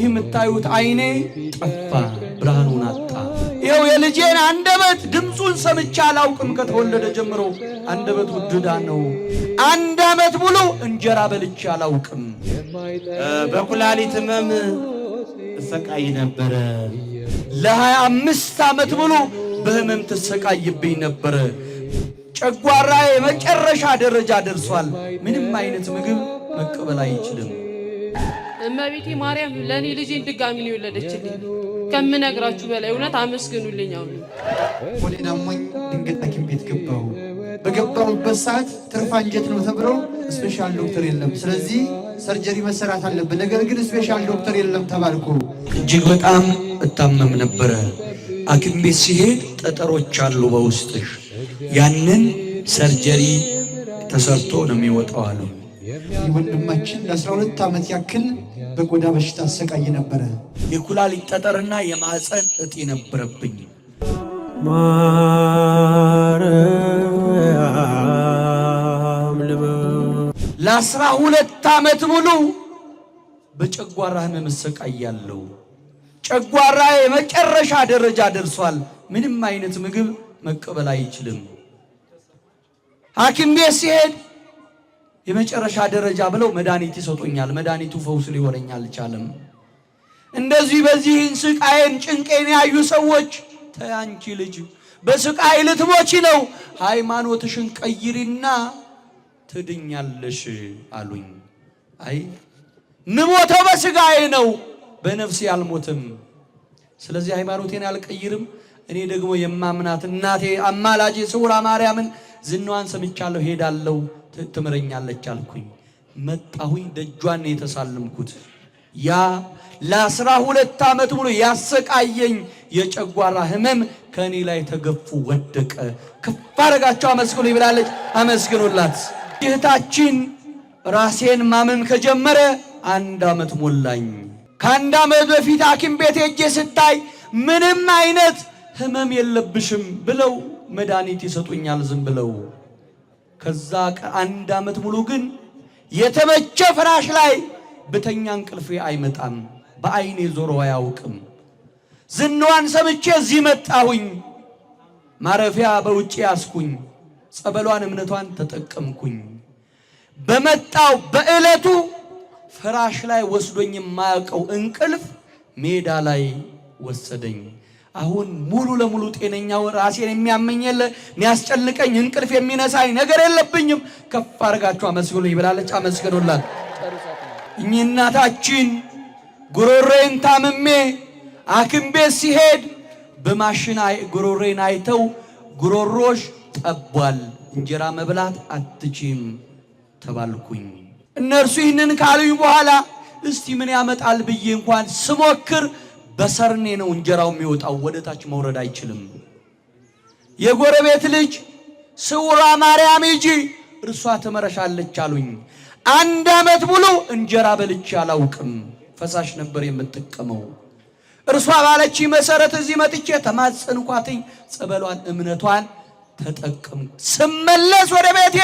ይህ የምታዩት አይኔ ጠፋ፣ ብርሃኑን አጣ። ይኸው የልጄን አንደበት ድምፁን ሰምቼ አላውቅም። ከተወለደ ጀምሮ አንደበቱ ድዳ ነው። አንድ ዓመት ሙሉ እንጀራ በልቼ አላውቅም። በኩላሊት ህመም እሰቃይ ነበረ። ለሀያ አምስት ዓመት ሙሉ በህመም ትሰቃይብኝ ነበረ። ጨጓራ የመጨረሻ ደረጃ ደርሷል። ምንም አይነት ምግብ መቀበል አይችልም። እመቤቴ ማርያም ለእኔ ልጄን ድጋሚ ነው የወለደችልኝ። ከምነግራችሁ በላይ እውነት አመስግኑልኝ። አሁን ወደ ዳሞኝ ድንገት ሐኪም ቤት ገባሁ። በገባሁበት ሰዓት ትርፍ አንጀት ነው ተብሎ ስፔሻል ዶክተር የለም፣ ስለዚህ ሰርጀሪ መሰራት አለብን። ነገር ግን ስፔሻል ዶክተር የለም ተባልኩ። እጅግ በጣም እታመም ነበረ። ሐኪም ቤት ሲሄድ ጠጠሮች አሉ በውስጥሽ፣ ያንን ሰርጀሪ ተሰርቶ ነው የሚወጣው አሉ። ወንድማችን ለ12 ዓመት ያክል በቆዳ በሽታ አሰቃይ ነበረ። የኩላሊት ጠጠርና የማዕፀን እጢ ነበረብኝ። ለአስራ ሁለት ዓመት ሙሉ በጨጓራ ህመም እሰቃያለሁ። ጨጓራ የመጨረሻ ደረጃ ደርሷል። ምንም አይነት ምግብ መቀበል አይችልም። ሐኪም ቤት ሲሄድ የመጨረሻ ደረጃ ብለው መድኃኒት ይሰጡኛል። መድኃኒቱ ፈውስ ሊሆነኝ አልቻለም። እንደዚህ በዚህን ስቃይን ጭንቄን ያዩ ሰዎች ተያንቺ ልጅ በስቃይ ልትሞቺ ነው፣ ሃይማኖትሽን ቀይሪና ትድኛለሽ አሉኝ። አይ ምሞተው በስጋዬ ነው፣ በነፍሴ አልሞትም። ስለዚህ ሃይማኖቴን አልቀይርም። እኔ ደግሞ የማምናት እናቴ አማላጄ ስውራ ማርያምን ዝናዋን ሰምቻለሁ፣ ሄዳለሁ፣ ትምረኛለች አልኩኝ። መጣሁኝ፣ ደጇን የተሳለምኩት ያ ለአስራ ሁለት ዓመት ሙሉ ያሰቃየኝ የጨጓራ ህመም ከእኔ ላይ ተገፉ ወደቀ። ከፍ አረጋቸው አመስግኑ ይብላለች። አመስግኑላት ይህታችን ራሴን ማመም ከጀመረ አንድ ዓመት ሞላኝ። ከአንድ ዓመት በፊት ሐኪም ቤት ሄጄ ስታይ ምንም አይነት ህመም የለብሽም ብለው መድኃኒት ይሰጡኛል ዝም ብለው። ከዛ አንድ ዓመት ሙሉ ግን የተመቸ ፍራሽ ላይ ብተኛ እንቅልፌ አይመጣም፣ በአይኔ ዞሮ አያውቅም። ዝናዋን ሰምቼ እዚህ መጣሁኝ፣ ማረፊያ በውጭ ያስኩኝ፣ ጸበሏን እምነቷን ተጠቀምኩኝ። በመጣው በዕለቱ ፍራሽ ላይ ወስዶኝ የማያውቀው እንቅልፍ ሜዳ ላይ ወሰደኝ። አሁን ሙሉ ለሙሉ ጤነኛው ራሴን የሚያመኝ የለ የሚያስጨንቀኝ እንቅልፍ የሚነሳኝ ነገር የለብኝም። ከፍ አድርጋችሁ አመስግኑ ይብላለች። አመስግኑላት። እኚህ እናታችን ጉሮሬን ታምሜ ሐኪም ቤት ሲሄድ በማሽን ጉሮሬን አይተው ጉሮሮሽ ጠቧል፣ እንጀራ መብላት አትችም ተባልኩኝ። እነርሱ ይህንን ካሉኝ በኋላ እስቲ ምን ያመጣል ብዬ እንኳን ስሞክር በሰርኔ ነው እንጀራው የሚወጣው፣ ወደ ታች መውረድ አይችልም። የጎረቤት ልጅ ስውሯ ማርያም ሂጂ እርሷ ትመረሻለች አሉኝ። አንድ ዓመት ሙሉ እንጀራ በልቼ አላውቅም። ፈሳሽ ነበር የምጠቀመው። እርሷ ባለች መሰረት እዚህ መጥቼ ተማጸንኳትኝ። ጸበሏን፣ እምነቷን ተጠቀምኩ። ስመለስ ወደ ቤቴ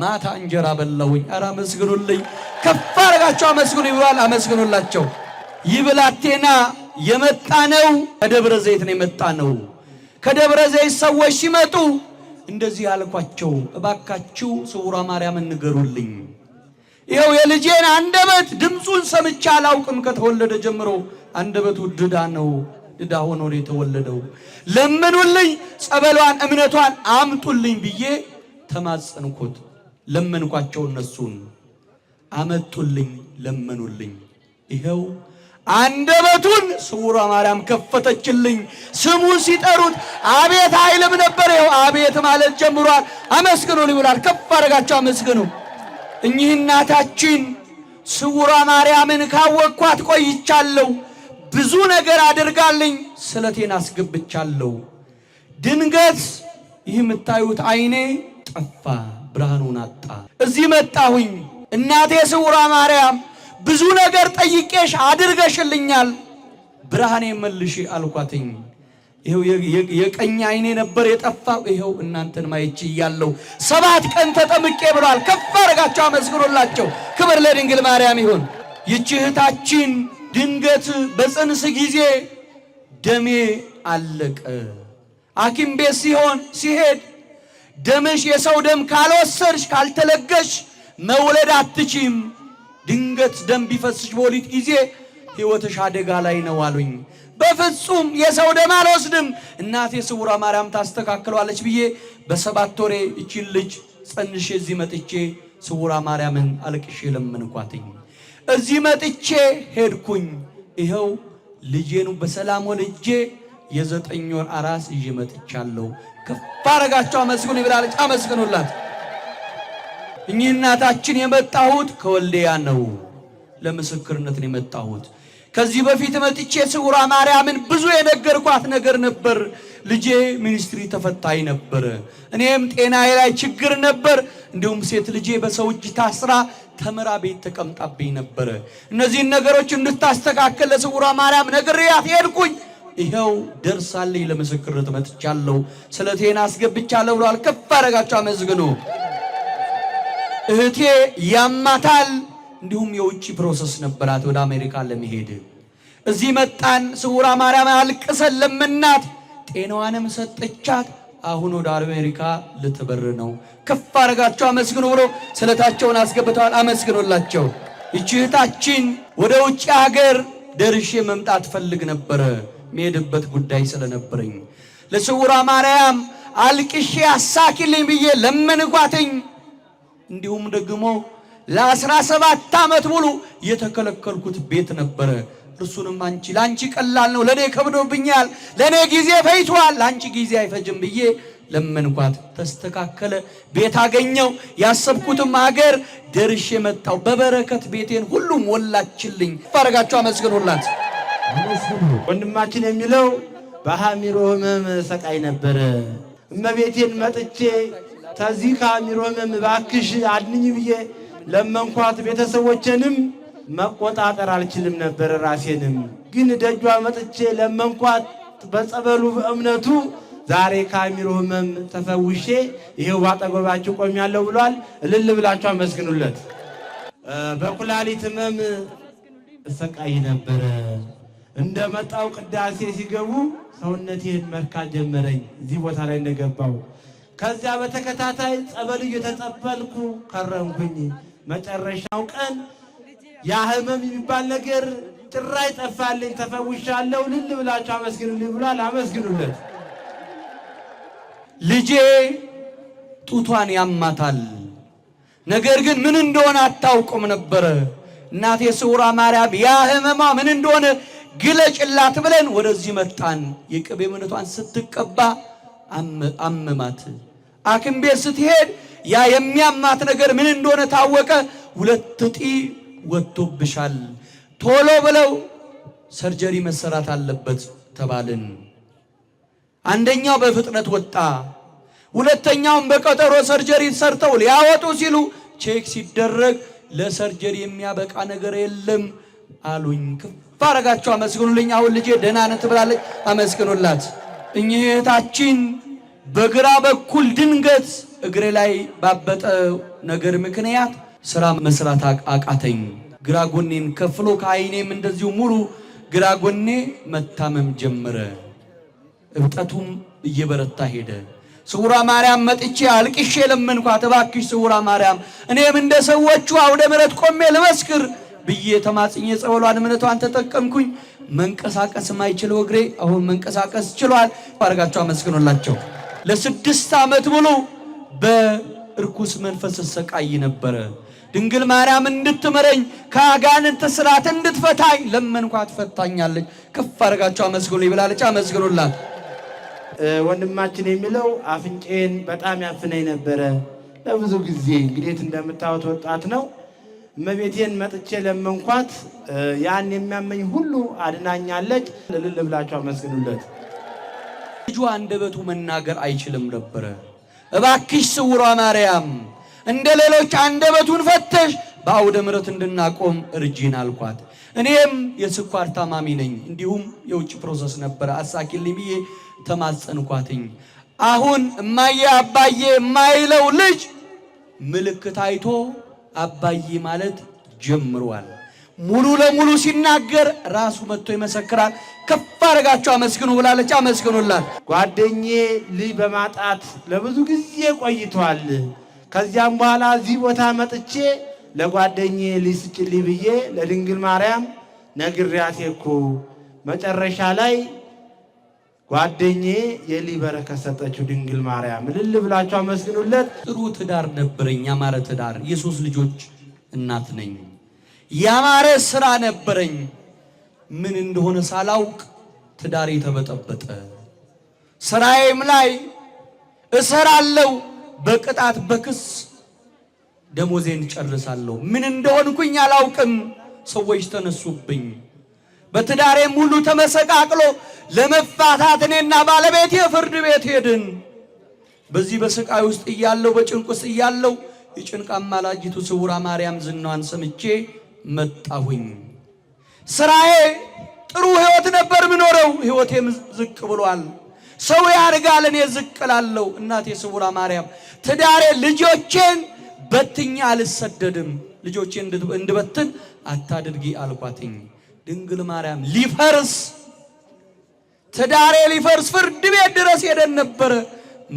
ማታ እንጀራ በላውኝ። ኧረ አመስግኑልኝ፣ ከፍ አድርጋቸው አመስግኑ ይብሏል። አመስግኑላቸው ይብላቴና የመጣ ነው። ከደብረ ዘይት ነው የመጣ ነው። ከደብረ ዘይት ሰዎች ሲመጡ እንደዚህ ያልኳቸው፣ እባካችሁ ስውሯ ማርያምን ንገሩልኝ። ይኸው የልጄን አንደበት ድምፁን ሰምቼ አላውቅም። ከተወለደ ጀምሮ አንደበቱ ድዳ ነው። ድዳ ሆኖ ነው የተወለደው። ለምኑልኝ፣ ጸበሏን፣ እምነቷን አምጡልኝ ብዬ ተማጸንኩት። ለመንኳቸው፣ እነሱን አመጡልኝ፣ ለመኑልኝ። ይኸው አንደበቱን ስውሯ ማርያም ከፈተችልኝ። ስሙን ሲጠሩት አቤት አይልም ነበር። ይኸው አቤት ማለት ጀምሯል። አመስግኑ ይብላል። ከፍ አድርጋቸው አመስግኑ። እኚህ እናታችን ስውሯ ማርያምን ካወቅኳት ቆይቻለሁ። ብዙ ነገር አድርጋልኝ፣ ስለቴን አስገብቻለሁ። ድንገት ይህ የምታዩት አይኔ ጠፋ፣ ብርሃኑን አጣ። እዚህ መጣሁኝ እናቴ ስውሯ ማርያም ብዙ ነገር ጠይቄሽ አድርገሽልኛል፣ ብርሃኔ መልሽ አልኳትኝ። ይኸው የቀኝ አይኔ ነበር የጠፋው፣ ይኸው እናንተን ማየች እያለሁ ሰባት ቀን ተጠምቄ ብሏል። ከፍ አድርጋቸው አመስግኖላቸው። ክብር ለድንግል ማርያም ይሁን። ይቺ እህታችን ድንገት በጽንስ ጊዜ ደሜ አለቀ። አኪም ቤት ሲሆን ሲሄድ ደምሽ የሰው ደም ካልወሰድሽ ካልተለገሽ መውለድ አትችም ድንገት ደም ቢፈስሽ በወሊድ ጊዜ ሕይወትሽ አደጋ ላይ ነው አሉኝ። በፍጹም የሰው ደም አልወስድም፣ እናቴ ስውሯ ማርያም ታስተካክለዋለች ብዬ በሰባት ወሬ እቺን ልጅ ጸንሼ እዚህ መጥቼ ስውሯ ማርያምን አልቅሼ ለምንኳትኝ። እዚህ መጥቼ ሄድኩኝ። ይኸው ልጄኑ በሰላም ወልጄ የዘጠኝ ወር አራስ ይዤ መጥቻለሁ። ከፍ አረጋቸው። አመስግኑ ይብላለች። አመስግኑላት። እኚህ እናታችን የመጣሁት ከወልዲያ ነው፣ ለምስክርነት ነው የመጣሁት። ከዚህ በፊት መጥቼ ስውሯ ማርያምን ብዙ የነገርኳት ነገር ነበር። ልጄ ሚኒስትሪ ተፈታኝ ነበር፣ እኔም ጤናዬ ላይ ችግር ነበር። እንዲሁም ሴት ልጄ በሰው እጅ ታስራ ተምራ ቤት ተቀምጣብኝ ነበር። እነዚህን ነገሮች እንድታስተካከል ለስውሯ ማርያም ነግሬያት ሄድኩኝ። ይኸው ደርሳለኝ። ለምስክርነት መጥቻለሁ። ስለ ቴና አስገብቻለሁ ብሏል። ከፍ አደረጋቸው። አመዝግኑ። እህቴ ያማታል። እንዲሁም የውጭ ፕሮሰስ ነበራት ወደ አሜሪካ ለመሄድ። እዚህ መጣን። ስውራ ማርያም አልቅሰን ለምናት፣ ጤናዋንም ሰጠቻት። አሁን ወደ አሜሪካ ልትበር ነው። ከፍ አረጋቸው አመስግኑ ብሎ ስለታቸውን አስገብተዋል። አመስግኖላቸው። ይቺ ወደ ውጭ ሀገር ደርሼ መምጣት ፈልግ ነበረ፣ መሄድበት ጉዳይ ስለነበረኝ ለስውራ ማርያም አልቅሼ አሳኪልኝ ብዬ ለመንኳትኝ እንዲሁም ደግሞ ለአስራ ሰባት ዓመት ሙሉ የተከለከልኩት ቤት ነበረ። እርሱንም አንቺ ለአንቺ ቀላል ነው፣ ለእኔ ከብዶብኛል፣ ለእኔ ጊዜ ፈይቷል፣ ለአንቺ ጊዜ አይፈጅም ብዬ ለመንኳት። ተስተካከለ፣ ቤት አገኘው፣ ያሰብኩትም ሀገር ደርሼ መጣሁ። በበረከት ቤቴን ሁሉም ወላችልኝ። ባረጋችሁ አመስግኑላት። ወንድማችን የሚለው በሐሚሮ ህመም ሰቃይ ነበረ። እመቤቴን መጥቼ ተዚህ ከአሚሮ ህመም እባክሽ አድንኝ ብዬ ለመንኳት። ቤተሰቦቼንም መቆጣጠር አልችልም ነበር ራሴንም። ግን ደጇ መጥቼ ለመንኳት በጸበሉ በእምነቱ ዛሬ ከአሚሮ ህመም ተፈውሼ ይሄው ባጠገባችሁ ቆሚያለሁ ብሏል። እልል ብላችሁ አመስግኑለት። በኩላሊት ህመም እሰቃይ ነበረ። እንደ እንደመጣው ቅዳሴ ሲገቡ ሰውነቴን መርካት ጀመረኝ። እዚህ ቦታ ላይ እንደገባው ከዚያ በተከታታይ ጸበል እየተጸበልኩ ከረምኩኝ። መጨረሻው ቀን ያ ህመም የሚባል ነገር ጥራ ጠፋልኝ፣ ተፈውሻለሁ። ልል ብላችሁ አመስግኑልኝ ብሏል። አመስግኑለት። ልጄ ጡቷን ያማታል፣ ነገር ግን ምን እንደሆነ አታውቁም ነበረ። እናቴ ስውሯ ማርያም ያ ህመሟ ምን እንደሆነ ግለጭላት ብለን ወደዚህ መጣን። የቅቤ እምነቷን ስትቀባ አመማት። ሐኪም ቤት ስትሄድ ያ የሚያማት ነገር ምን እንደሆነ ታወቀ። ሁለት እጢ ወጥቶብሻል፣ ቶሎ ብለው ሰርጀሪ መሰራት አለበት ተባልን። አንደኛው በፍጥነት ወጣ። ሁለተኛውን በቀጠሮ ሰርጀሪ ሰርተው ሊያወጡ ሲሉ ቼክ ሲደረግ ለሰርጀሪ የሚያበቃ ነገር የለም አሉኝ። ከፍ አረጋቸው። አመስግኑልኝ። አሁን ልጄ ደህና ነህ ትብላለች። አመስግኑላት እኚህ እህታችን በግራ በኩል ድንገት እግሬ ላይ ባበጠ ነገር ምክንያት ስራ መስራት አቃተኝ። ግራ ጎኔን ከፍሎ ከአይኔም እንደዚሁ ሙሉ ግራ ጎኔ መታመም ጀመረ። እብጠቱም እየበረታ ሄደ። ስውራ ማርያም መጥቼ አልቅሼ ለመንኳት፣ እባክሽ ስውራ ማርያም እኔም እንደ ሰዎቹ አውደ ምረት ቆሜ ልመስክር ብዬ ተማጽኜ ጸበሏን እምነቷን ተጠቀምኩኝ። መንቀሳቀስ ማይችለው እግሬ አሁን መንቀሳቀስ ችሏል። አድርጋቸው አመስግኖላቸው ለስድስት ዓመት ሙሉ በርኩስ መንፈስ ሰቃይ ነበረ። ድንግል ማርያም እንድትምረኝ ከአጋንንት ስራት እንድትፈታኝ ለመንኳት፣ ፈታኛለች። ከፍ አድርጋችሁ አመስግኑ ይብላለች። አመስግኑላት። ወንድማችን የሚለው አፍንጬን በጣም ያፍነኝ ነበረ ለብዙ ጊዜ። እንግዲህ እንደምታዩት ወጣት ነው። እመቤቴን መጥቼ ለመንኳት፣ ያን የሚያመኝ ሁሉ አድናኛለች። ልል ብላችሁ አመስግኑለት። ልጇ አንደበቱ መናገር አይችልም ነበረ። እባክሽ ስውሯ ማርያም እንደ ሌሎች አንደበቱን ፈተሽ በአውደ ምረት እንድናቆም እርጅን አልኳት። እኔም የስኳር ታማሚ ነኝ፣ እንዲሁም የውጭ ፕሮሰስ ነበረ አሳኪልኝ ብዬ ተማጸንኳትኝ። አሁን እማዬ አባዬ የማይለው ልጅ ምልክት አይቶ አባዬ ማለት ጀምሯል። ሙሉ ለሙሉ ሲናገር ራሱ መጥቶ ይመሰክራል። ከፍ አድርጋችሁ አመስግኑ ብላለች። አመስግኑላት። ጓደኜ ልጅ በማጣት ለብዙ ጊዜ ቆይቷል። ከዚያም በኋላ እዚህ ቦታ መጥቼ ለጓደኜ ልጅ ስጭልኝ ብዬ ለድንግል ማርያም ነግሬያት እኮ መጨረሻ ላይ ጓደኜ የልጅ በረከት ሰጠችው ድንግል ማርያም። እልል ብላችሁ አመስግኑለት። ጥሩ ትዳር ነበረኝ፣ ማለት ትዳር የሶስት ልጆች እናት ነኝ ያማረ ስራ ነበረኝ። ምን እንደሆነ ሳላውቅ ትዳሬ ተበጠበጠ። ስራዬም ላይ እሰራለሁ፣ በቅጣት በክስ ደሞዜን ጨርሳለሁ። ምን እንደሆንኩኝ አላውቅም። ሰዎች ተነሱብኝ። በትዳሬም ሁሉ ተመሰቃቅሎ ለመፋታት እኔና ባለቤት ፍርድ ቤት ሄድን። በዚህ በስቃይ ውስጥ እያለው በጭንቅ ውስጥ እያለው የጭንቅ አማላጅቱ ስውራ ማርያም ዝናዋን ሰምቼ መጣሁኝ። ስራዬ ጥሩ ህይወት ነበር ምኖረው፣ ህይወቴም ዝቅ ብሏል። ሰው ያድጋል፣ እኔ ዝቅ እላለሁ። እናቴ ስውራ ማርያም ትዳሬ፣ ልጆቼን በትኛ አልሰደድም፣ ልጆቼን እንድበትን አታድርጊ አልኳትኝ። ድንግል ማርያም ሊፈርስ ትዳሬ ሊፈርስ ፍርድ ቤት ድረስ ሄደን ነበረ።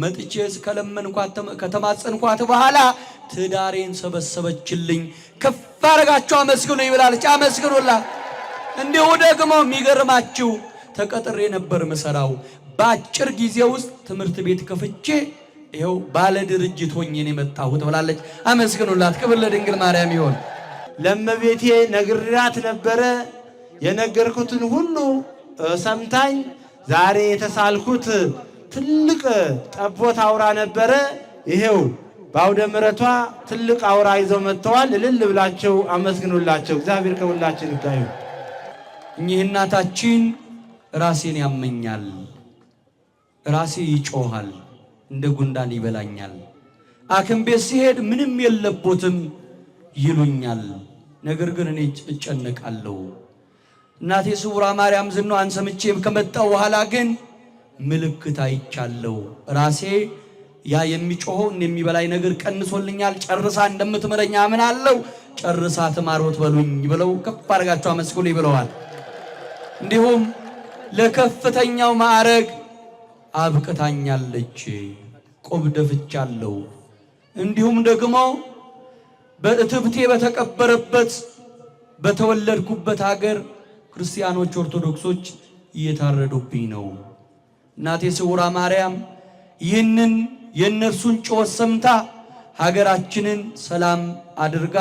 መጥቼ እስከለመንኳት ከተማጸንኳት በኋላ ትዳሬን ሰበሰበችልኝ። ከፍ አረጋችሁ አመስግኑ ይብላለች። አመስግኑላት። እንዲሁ ደግሞ የሚገርማችሁ ተቀጥሬ ነበር ምሰራው። በአጭር ጊዜ ውስጥ ትምህርት ቤት ከፍቼ ይኸው ባለ ድርጅት ሆኜ የመጣሁት ብላለች። አመስግኑላት። ክብር ለድንግል ማርያም ይሆን። ለመቤቴ ነግራት ነበረ። የነገርኩትን ሁሉ ሰምታኝ ዛሬ የተሳልኩት ትልቅ ጠቦት አውራ ነበረ ይሄው በአውደ ምረቷ ትልቅ አውራ ይዘው መጥተዋል። እልል ብላቸው አመስግኑላቸው። እግዚአብሔር ከሁላችን ይታዩ። እኚህ እናታችን ራሴን ያመኛል፣ ራሴ ይጮኋል፣ እንደ ጉንዳን ይበላኛል፣ አክም ቤት ሲሄድ ምንም የለቦትም ይሉኛል፣ ነገር ግን እኔ እጨነቃለሁ። እናቴ ስውራ ማርያም ዝናዋን ሰምቼም ከመጣው በኋላ ግን ምልክት አይቻለሁ ራሴ ያ የሚጮኸውን የሚበላይ ነገር ቀንሶልኛል፣ ጨርሳ እንደምትምረኝ አምናለሁ፣ ጨርሳ ትማሮት በሉኝ ብለው ከፍ አድርጋችሁ አመስግኑልኝ ብለዋል። እንዲሁም ለከፍተኛው ማዕረግ አብቅታኛለች፣ ቆብ ደፍቻለሁ። እንዲሁም ደግሞ በእትብቴ በተቀበረበት በተወለድኩበት ሀገር ክርስቲያኖች ኦርቶዶክሶች እየታረዱብኝ ነው። እናቴ ስውራ ማርያም ይህንን የእነርሱን ጩኸት ሰምታ ሀገራችንን ሰላም አድርጋ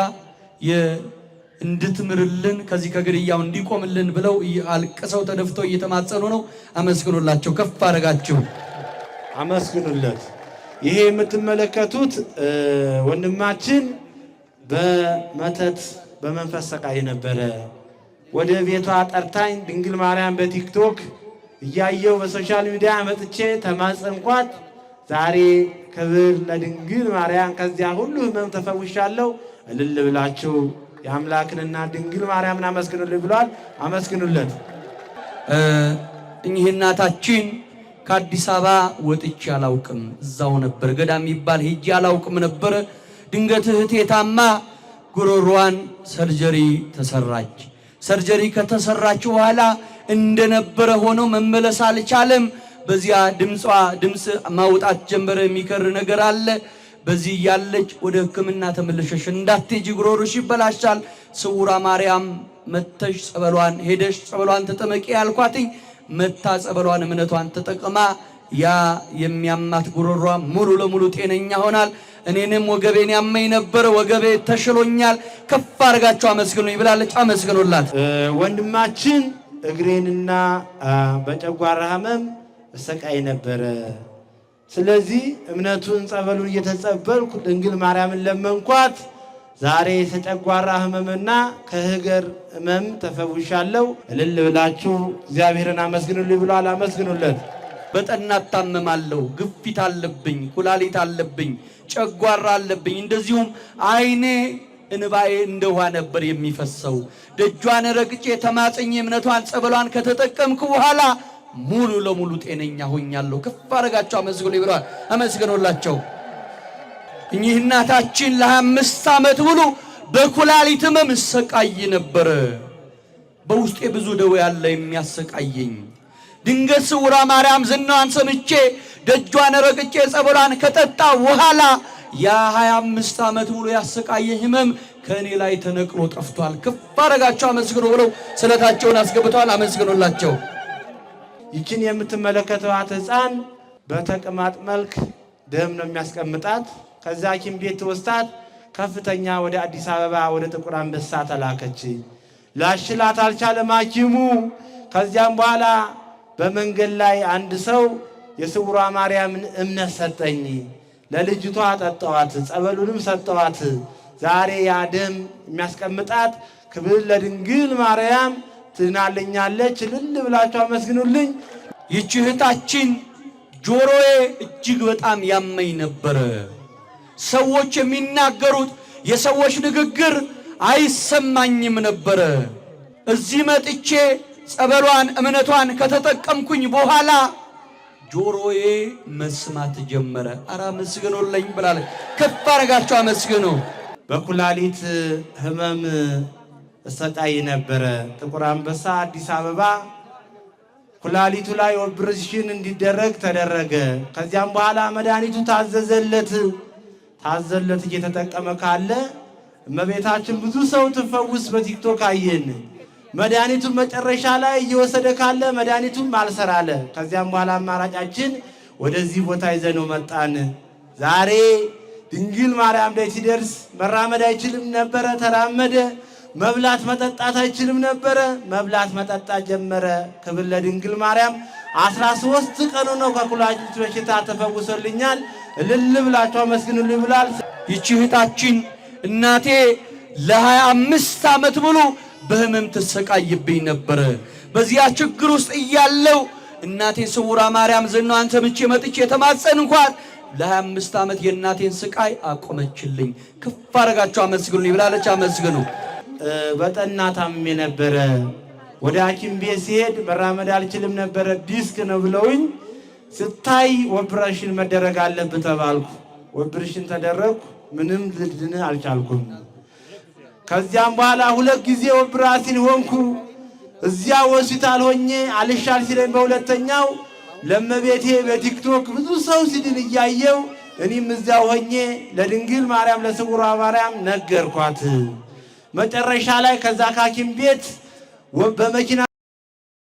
እንድትምርልን ከዚህ ከግድያው እንዲቆምልን ብለው አልቅሰው ተደፍተው እየተማጸኑ ነው። አመስግኑላቸው፣ ከፍ አድርጋችሁ አመስግኑለት። ይሄ የምትመለከቱት ወንድማችን በመተት በመንፈስ ሰቃይ ነበረ። ወደ ቤቷ ጠርታኝ ድንግል ማርያም በቲክቶክ እያየው በሶሻል ሚዲያ መጥቼ ተማጸንኳት። ዛሬ ክብር ለድንግል ማርያም። ከዚያ ሁሉ ህመም ተፈውሻለሁ። እልል ብላችሁ የአምላክንና ድንግል ማርያምን አመስግኑልን ብሏል። አመስግኑለት። እኚህ እናታችን ከአዲስ አበባ ወጥቼ አላውቅም። እዛው ነበር ገዳም የሚባል ሄጄ አላውቅም ነበር። ድንገት እህቴ ታማ ጉሮሯን ሰርጀሪ ተሰራች። ሰርጀሪ ከተሰራች በኋላ እንደነበረ ሆኖ መመለስ አልቻለም። በዚያ ድምጿ ድምፅ ማውጣት ጀመረ። የሚከር ነገር አለ። በዚህ እያለች ወደ ሕክምና ተመለሸሽ። እንዳትሄጂ ጉሮሮሽ ይበላሻል። ስውሯ ማርያም መተሽ ጸበሏን ሄደሽ ጸበሏን ተጠመቂ ያልኳትኝ መታ ጸበሏን እምነቷን ተጠቅማ ያ የሚያማት ጉሮሯ ሙሉ ለሙሉ ጤነኛ ሆናል። እኔንም ወገቤን ያመኝ ነበር፣ ወገቤ ተሽሎኛል። ከፍ አድርጋችሁ አመስግኑኝ ብላለች። አመስግኑላት። ወንድማችን እግሬንና በጨጓራ ህመም እሰቃይ ነበረ። ስለዚህ እምነቱን ጸበሉን እየተጸበልኩ ድንግል ማርያምን ለመንኳት። ዛሬ የተጨጓራ ህመምና ከህገር ህመም ተፈውሻለሁ። እልል ብላችሁ እግዚአብሔርን አመስግኑልኝ ብሏል። አመስግኑለት። በጠና እታመማለሁ፣ ግፊት አለብኝ፣ ኩላሊት አለብኝ፣ ጨጓራ አለብኝ። እንደዚሁም አይኔ እንባዬ እንደ ውሃ ነበር የሚፈሰው። ደጇን ረግጬ ተማጽኝ እምነቷን ጸበሏን ከተጠቀምኩ በኋላ ሙሉ ለሙሉ ጤነኛ ሆኛለሁ። ከፍ አድርጋቸው አመስግኑ ብለዋል። አመስግኖላቸው እኚህ እናታችን ለአምስት ዓመት ሙሉ በኩላሊት ህመም እሰቃይ ነበር። በውስጤ ብዙ ደዌ ያለ የሚያሰቃየኝ ድንገት ስውሯ ማርያም ዝናዋን ሰምቼ ደጇን ረግጬ ጸበሏን ከጠጣ በኋላ ያ 25 ዓመት ሙሉ ያሰቃየ ህመም ከእኔ ላይ ተነቅሎ ጠፍቷል። ከፍ አረጋቸው አመስግኑ ብለው ስለታቸውን አስገብተዋል። አመስግኖላቸው ይችን የምትመለከተዋት ህፃን በተቅማጥ መልክ ደም ነው የሚያስቀምጣት። ከዛ ሐኪም ቤት ወስታት ከፍተኛ ወደ አዲስ አበባ ወደ ጥቁር አንበሳ ተላከች። ላሽላት አልቻለም ሐኪሙ። ከዚያም በኋላ በመንገድ ላይ አንድ ሰው የስውሯ ማርያምን እምነት ሰጠኝ፣ ለልጅቷ ጠጠዋት፣ ጸበሉንም ሰጠዋት። ዛሬ ያ ደም የሚያስቀምጣት ክብር ለድንግል ማርያም ትናለኛለች። ልል ብላችሁ አመስግኑልኝ። ይቺ እህታችን ጆሮዬ እጅግ በጣም ያመኝ ነበረ። ሰዎች የሚናገሩት የሰዎች ንግግር አይሰማኝም ነበረ። እዚህ መጥቼ ጸበሏን እምነቷን ከተጠቀምኩኝ በኋላ ጆሮዬ መስማት ጀመረ። አረ አመስግኑልኝ ብላለች። ከፍ አረጋቸው አመስግኑ። በኩላሊት ህመም እሰቃይ ነበረ። ጥቁር አንበሳ አዲስ አበባ ኩላሊቱ ላይ ኦፕሬሽን እንዲደረግ ተደረገ። ከዚያም በኋላ መድኃኒቱ ታዘዘለት ታዘለት እየተጠቀመ ካለ እመቤታችን ብዙ ሰው ትፈውስ በቲክቶክ አየን። መድኃኒቱን መጨረሻ ላይ እየወሰደ ካለ መድኃኒቱን አልሰራለ። ከዚያም በኋላ አማራጫችን ወደዚህ ቦታ ይዘነው መጣን። ዛሬ ድንግል ማርያም ላይ ሲደርስ መራመድ አይችልም ነበረ፣ ተራመደ። መብላት መጠጣት አይችልም ነበረ። መብላት መጠጣት ጀመረ። ክብር ለድንግል ማርያም። አስራ ሶስት ቀኑ ነው ከኩላሊት በሽታ ተፈውሶልኛል፣ እልል ብላችሁ አመስግኑልኝ ብሏል። ይቺ እህታችን እናቴ ለሀያ አምስት ዓመት ሙሉ በህመም ትሰቃይብኝ ነበረ። በዚያ ችግር ውስጥ እያለው እናቴ ስውራ ማርያም ዝናዋን ሰምቼ መጥቼ የተማጸን እንኳን ለሀያ አምስት ዓመት የእናቴን ስቃይ አቆመችልኝ። ክፍ አረጋችሁ አመስግኑ ብላለች። አመስግኑ በጠና ታምሜ ነበረ። ወደ ሐኪም ቤት ሲሄድ መራመድ አልችልም ነበረ፣ ዲስክ ነው ብለውኝ ስታይ ኦፕሬሽን መደረግ አለብህ ተባልኩ። ኦፕሬሽን ተደረግኩ። ምንም ልድን አልቻልኩም። ከዚያም በኋላ ሁለት ጊዜ ኦፕራሲን ሆንኩ። እዚያ ሆስፒታል ሆኜ አልሻል ሲለኝ በሁለተኛው ለመቤቴ በቲክቶክ ብዙ ሰው ሲድን እያየው እኔም እዚያ ሆኜ ለድንግል ማርያም ለስውሯ ማርያም ነገርኳት። መጨረሻ ላይ ከዛ ከሐኪም ቤት በመኪና